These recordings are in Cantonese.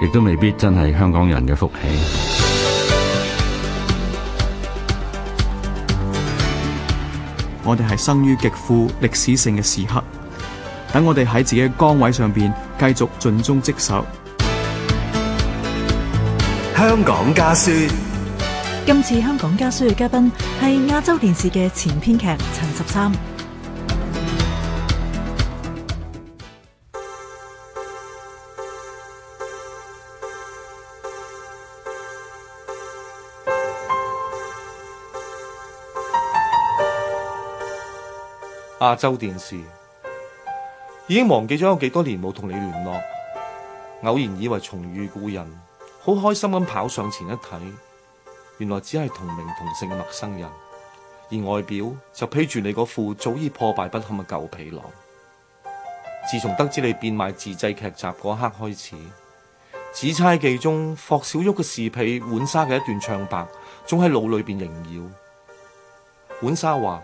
亦都未必真係香港人嘅福氣。我哋係生於極富歷史性嘅時刻，等我哋喺自己嘅崗位上邊繼續盡忠職守。香港家書。今次香港家書嘅嘉賓係亞洲電視嘅前編劇陳十三。亞洲電視已經忘記咗有幾多年冇同你聯絡，偶然以為重遇故人，好開心咁跑上前一睇，原來只係同名同姓嘅陌生人，而外表就披住你嗰副早已破敗不堪嘅舊皮囊。自從得知你變賣自製劇集嗰刻開始，紫《紫釵記》中霍小玉嘅侍婢浣紗嘅一段唱白，總喺腦裏邊縈繞。浣紗話。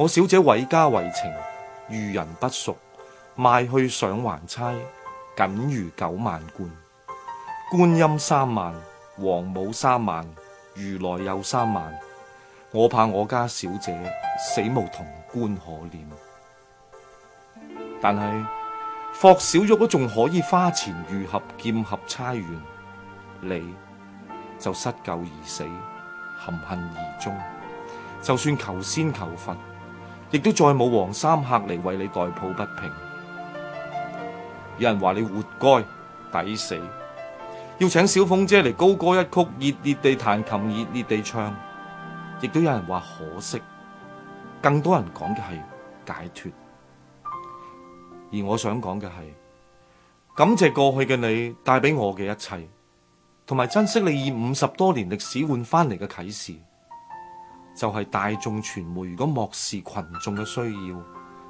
我小姐毀家為情，遇人不淑，賣去上還差，僅餘九萬貫。觀音三萬，王母三萬，如來有三萬。我怕我家小姐死無銅棺可殮，但係霍小玉都仲可以花錢遇合劍合釵緣，你就失救而死，含恨而終。就算求仙求佛。亦都再冇黃三客嚟，為你代抱不平。有人話你活該抵死，要請小鳳姐嚟高歌一曲，熱烈地彈琴，熱烈地唱。亦都有人話可惜，更多人講嘅係解脱。而我想講嘅係，感謝過去嘅你帶俾我嘅一切，同埋珍惜你以五十多年歷史換翻嚟嘅啟示。就係大眾傳媒，如果漠視群眾嘅需要，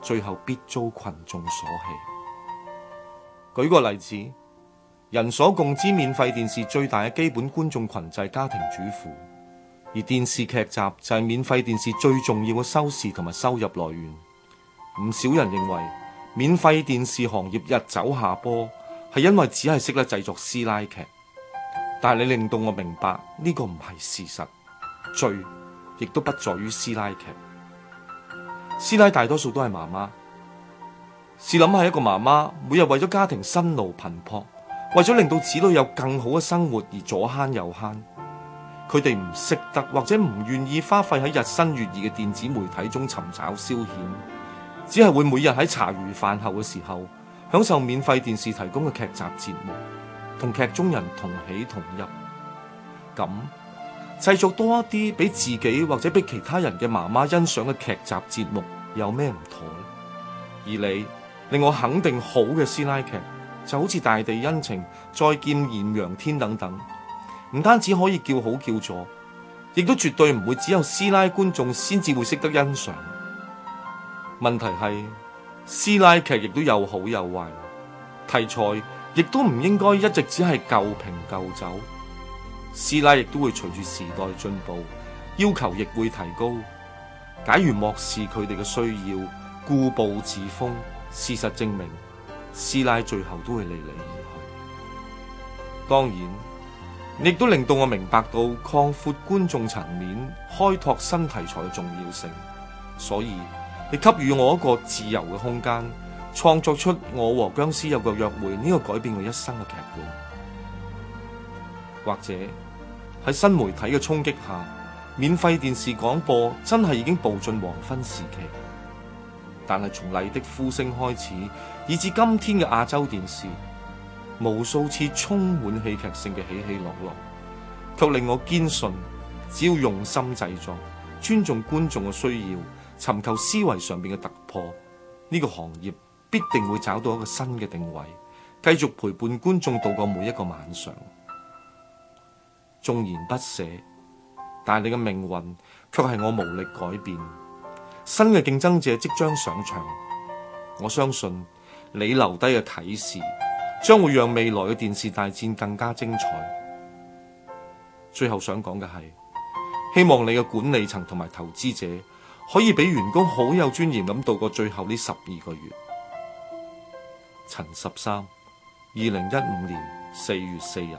最後必遭群眾所棄。舉個例子，人所共知，免費電視最大嘅基本觀眾群就係家庭主婦，而電視劇集就係免費電視最重要嘅收視同埋收入來源。唔少人認為免費電視行業日走下坡，係因為只係識得製作師奶劇，但你令到我明白呢個唔係事實，最。亦都不在於師奶劇。師奶大多數都係媽媽，試諗係一個媽媽每日為咗家庭辛勞頻撲，為咗令到子女有更好嘅生活而左慳右慳，佢哋唔識得或者唔願意花費喺日新月異嘅電子媒體中尋找消遣，只係會每日喺茶餘飯後嘅時候享受免費電視提供嘅劇集節目，同劇中人同喜同泣，咁。製作多一啲俾自己或者俾其他人嘅媽媽欣賞嘅劇集節目有，有咩唔妥？而你令我肯定好嘅師奶劇，就好似《大地恩情》《再見艷陽天》等等，唔單止可以叫好叫座，亦都絕對唔會只有師奶觀眾先至會識得欣賞。問題係，師奶劇亦都有好有壞，題材亦都唔應該一直只係舊瓶舊酒。師奶亦都會隨住時代進步，要求亦會提高。假如漠視佢哋嘅需要，固步自封，事實證明，師奶最後都會離你而去。當然，你亦都令到我明白到擴闊觀眾層面、開拓新題材嘅重要性。所以，你給予我一個自由嘅空間，創作出《我和僵屍有個約會》呢個改變我一生嘅劇本。或者喺新媒體嘅衝擊下，免費電視廣播真係已經步進黃昏時期。但係從麗的呼聲開始，以至今天嘅亞洲電視無數次充滿戲劇性嘅起起落落，卻令我堅信，只要用心製作，尊重觀眾嘅需要，尋求思維上面嘅突破，呢、這個行業必定會找到一個新嘅定位，繼續陪伴觀眾度過每一個晚上。縱然不捨，但你嘅命運却係我無力改變。新嘅競爭者即將上場，我相信你留低嘅啟示將會讓未來嘅電視大戰更加精彩。最後想講嘅係，希望你嘅管理層同埋投資者可以俾員工好有尊嚴咁度度過最後呢十二個月。陳十三，二零一五年四月四日。